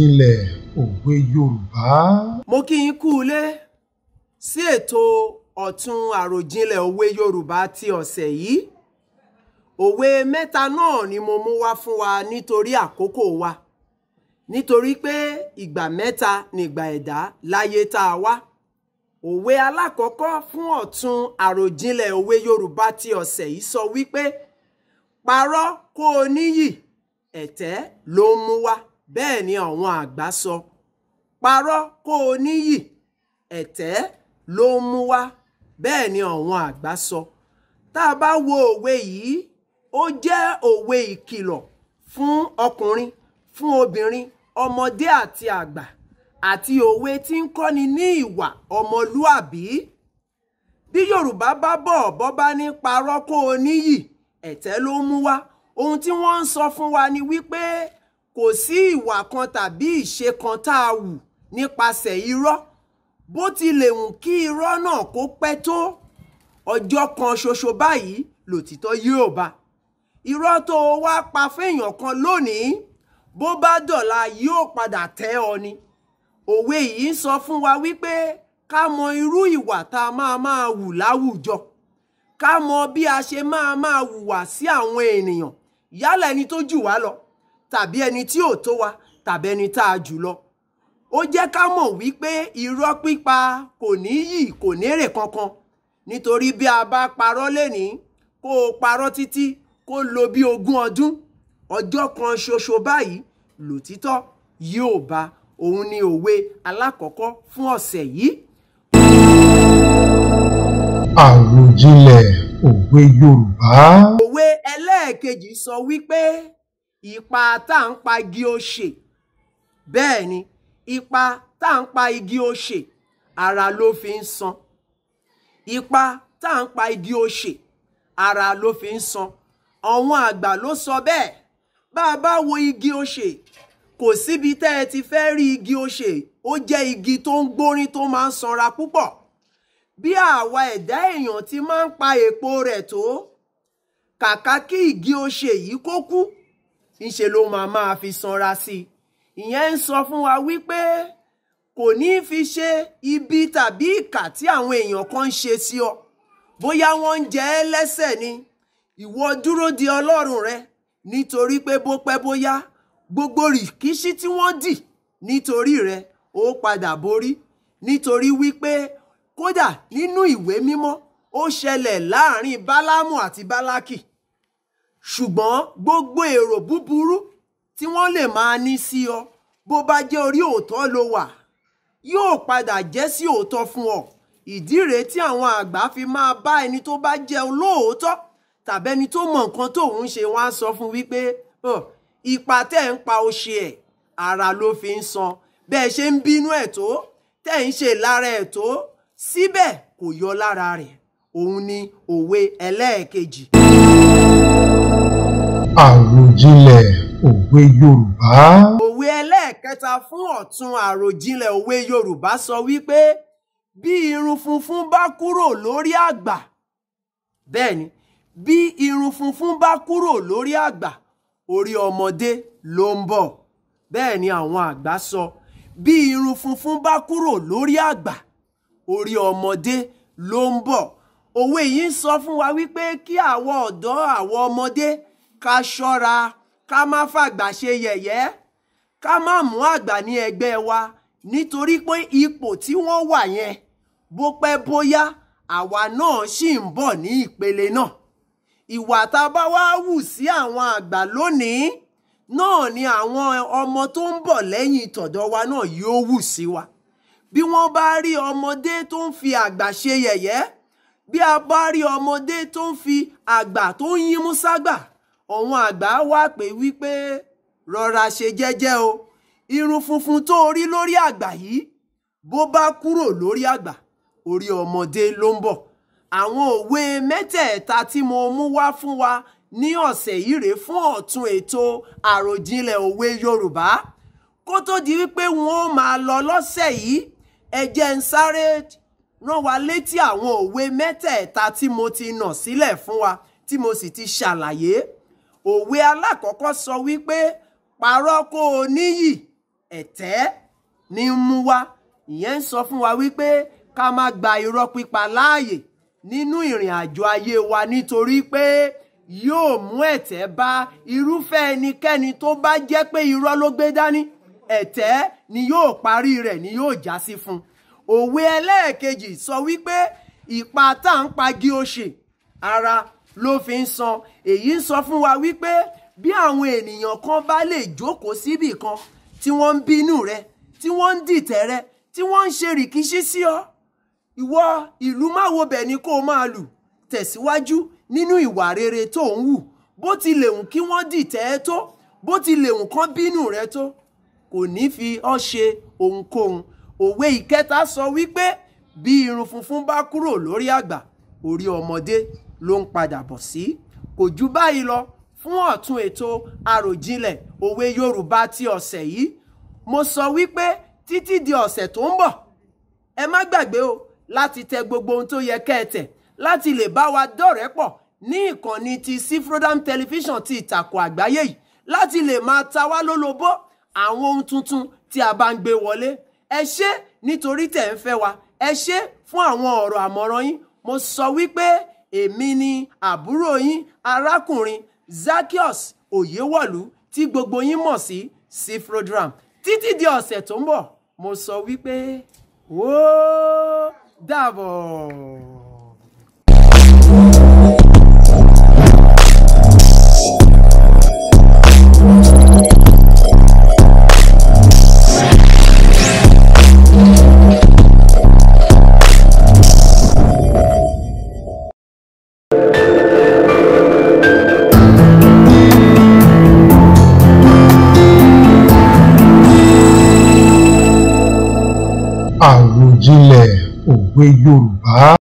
àròjinlẹ̀ òwe yorùbá. mo kí yín kú ilé sí ètò ọ̀tún àròjinlẹ̀ òwe yorùbá ti ọ̀sẹ̀ yìí òwe mẹ́ta náà ni mo mú wá fún wa nítorí àkókò wa nítorí pé ìgbà mẹ́ta nìgbà ẹ̀dá láyé tá a wá òwe alákọ̀ọ́kọ́ fún ọ̀tún àròjinlẹ̀ òwe yorùbá ti ọ̀sẹ̀ yìí sọ wípé parọ́ kó o níyì ẹ̀tẹ́ ló ń mú wá bẹ́ẹ̀ ni àwọn àgbà sọ parọ́ kó o níyì ẹ̀tẹ́ ló ń mú wá bẹ́ẹ̀ ni àwọn àgbà sọ tá a bá wo òwe yìí ó jẹ́ òwe ìkìlọ̀ fún ọkùnrin fún obìnrin ọmọdé àti àgbà àti òwe tí ń kọ́ni ní ìwà ọmọlúàbí bí yorùbá bá bọ̀ bọ́ bá ní parọ́ kó o níyì ẹ̀tẹ́ ló ń mú wá ohun tí wọ́n ń sọ fún wa ni wípé kò sí ìwà kan tàbí ìṣe kan tá a hù nípasẹ̀ irọ́ bó tilẹ̀ hùn kí irọ́ náà kó pẹ́ tó ọjọ́ kan ṣoṣo báyìí lòtítọ́ yóò bá irọ́ tó o wá pa fẹ́yàn kan lónìí bó bá dọ̀la yóò padà tẹ́ ọ ni òwe yìí ń sọ fún wa wípé ká mọ irú ìwà tá a máa máa hù láwùjọ ká mọ bí a ṣe máa máa hùwà sí àwọn ènìyàn yálà ẹni tó jù wá lọ tàbí ẹni tí ò tó wa tàbí ẹni tá a jù lọ ó jẹ́ ká mọ̀ wípé irọ́ pípa kò ní yì kò ní èrè kankan nítorí bí a bá parọ́ lẹ́ni kó o parọ́ títí kó lò bí ogún ọdún ọjọ́ kan ṣoṣo báyìí lòtítọ́ yóò bá òun ni òwe alákọ̀ọ́kọ́ fún ọ̀sẹ̀ yìí. àròjinlẹ̀ òwe Yorùbá. òwe ẹlẹ́ẹ̀kejì sọ wípé ipa tá à ń pa igi òṣè bẹ́ẹ̀ ni ipa tá à ń pa igi òṣè ara ló fi ń san ipa tá à ń pa igi òṣè ara ló fi ń san àwọn àgbà ló sọ bẹ́ẹ̀ bá a bá wo igi òṣè kò síbi tẹ́ ẹ ti fẹ́ rí igi òṣè ó jẹ́ igi tó ń gbórin tó máa ń sanra púpọ̀ bí àwa ẹ̀dá èèyàn ti máa ń pa èpo rẹ̀ tó kàkà kí igi òṣè yìí kó kú ńṣe ló máa máa fi sanra sí i ìyẹn ń sọ fún wa wípé kò ní fi ṣe ibi tàbí ìkà tí àwọn èèyàn kan ń ṣe sí ọ bóyá wọ́n ń jẹ ẹ́ lẹ́sẹ̀ ni ìwọ dúró di Ọlọ́run rẹ nítorí pé bó pẹ́ bóyá gbogbo rìkíṣí tí wọ́n dì nítorí rẹ ó padà borí nítorí wípé kódà nínú ìwé mímọ́ ó ṣẹlẹ̀ láàrin Bálámù àti Bálákì ṣùgbọ́n gbogbo èrò búburú tí wọ́n lè máa ní sí ọ bó bá jẹ́ orí òótọ́ ló wà yóò padà jẹ́ sí òótọ́ fún ọ ìdí rèé tí àwọn àgbà fi máa bá ẹni tó bá jẹ́ olóòótọ́ tàbẹ́ni tó mọ nǹkan tóun ṣe wá sọ fún wípé ipa tẹ́ ń pa ó ẹ̀ ara ló fi ń san bẹ́ẹ̀ ṣe ń bínú ẹ̀ tó tẹ́ ń ṣe lára ẹ̀ tó síbẹ̀ kò yọ lára rẹ̀ òun ni òwe ẹlẹ́ẹ̀kejì àròjinlẹ̀ òwe yorùbá. òwe ẹlẹ́ẹ̀kẹta fún ọ̀tún àròjinlẹ̀ òwe yorùbá sọ wípé bí irun funfun bá kúrò lórí àgbà bẹ́ẹ̀ ni bí irun funfun bá kúrò lórí àgbà orí ọmọdé ló ń bọ̀ bẹ́ẹ̀ ni àwọn àgbà sọ bí irun funfun bá kúrò lórí àgbà orí ọmọdé ló ń bọ̀ òwe yìí ń sọ fún wa wípé kí àwọn ọ̀dọ́ àwọn ọmọdé ká ṣọ́ra ká má fàgbà ṣe yẹ̀yẹ́ ká má mú àgbà ní ẹgbẹ́ wa nítorí pé ipò tí wọ́n wà yẹn bó pẹ́ bóyá àwa náà ṣì ń bọ̀ ní ìpele náà ìwà tá a bá wá wù sí àwọn àgbà lónìí náà ni àwọn ọmọ tó ń bọ̀ lẹ́yìn tọ̀dọ̀ wa náà yóò wù sí wa bí wọ́n bá rí ọmọdé tó ń fi àgbà ṣe yẹ̀yẹ́ bí a bá rí ọmọdé tó ń fi àgbà tó ń yínmú ságbà òun àgbà wà pé wípé rọra ṣe jẹ́jẹ́ o irun funfun tó rí lórí àgbà yìí bó bá kúrò lórí àgbà orí ọmọdé ló ń bọ̀ àwọn òwe mẹ́tẹ̀ẹ̀ta tí mo mú wá fún wa ní ọ̀sẹ̀ yìí rèé fún ọ̀tun ètò àròjinlẹ̀ òwe Yorùbá kó tó di wípé wọn ó máa lọ lọ́sẹ̀ yìí ẹ ń sáré rán wa létí àwọn òwe mẹ́tẹ̀ẹ̀ta tí mo ti nà sílẹ̀ fún wa tí mo sì ti ṣàlàyé òwe alákọ̀ọ́kọ́ sọ wípé parọ́ kó o níyì ẹ̀tẹ́ ní ń mú wá ìyẹn ń sọ fún wa wípé ká má gba irọ́ pípa láàyè nínú ìrìn àjò ayé wa nítorí pé yóò mú ẹ̀tẹ́ bá irúfẹ́ ẹnikẹ́ni tó bá jẹ́ pé irọ́ ló gbé dání ẹ̀tẹ́ ni yóò parí rẹ̀ ni yóò já sí fún òwe ẹlẹ́ẹ̀kejì sọ wípé ìpa tá à ń pagi òṣè ara ló fi ń san èyí ń sọ fún wa wípé bí àwọn ènìyàn kan bá lè jókòó síbì kan tí wọ́n ń bínú rẹ tí wọ́n ń dìtẹ̀ rẹ tí wọ́n ń ṣe rìkíṣí sí ọ ìwọ ìlú máwo bẹ̀ ni kó o máa lù tẹ̀síwájú nínú ìwà rere tó ń wù bó ti lè wù kí wọ́n dìtẹ̀ ẹ́ tó bó ti lè wù kán bínú rẹ tó kò ní fi ọ́ ṣe ohunkóhun òwe ìkẹta sọ wípé bí irun funfun bá kúrò lórí àgbà orí ọmọdé ló ń padà bọ̀ sí kò jù báyìí lọ fún ọ̀tún ètò àròjinlẹ̀ òwe Yorùbá ti ọ̀sẹ̀ yìí mo sọ wípé títí di ọ̀sẹ̀ tó ń bọ̀ ẹ má gbàgbé o láti tẹ gbogbo ohun tó yẹ kẹ́ẹ̀tẹ̀ láti lè bá wa dọ̀rẹ́ pọ̀ ní ìkànnì ti Cfrodram tẹlifíṣàn ti ìtàkùn àgbáyé yìí láti lè máa ta wá lólobó àwọn ohun tuntun tí a bá ń gbé wọlé ẹ ṣé nítorí tẹ̀ ń fẹ́ wa ẹ ṣé fún àwọn ọ̀rọ̀ àmọ̀ràn yín mo sọ wípé èmi ni àbúrò yín arákùnrin Zaccheaus Oyewolu tí gbogbo yín mọ̀ sí Cfrodram títí di ọ̀sẹ̀ tó ń bọ̀ mo sọ wípé ó dàbọ̀. òwe Yorùbá.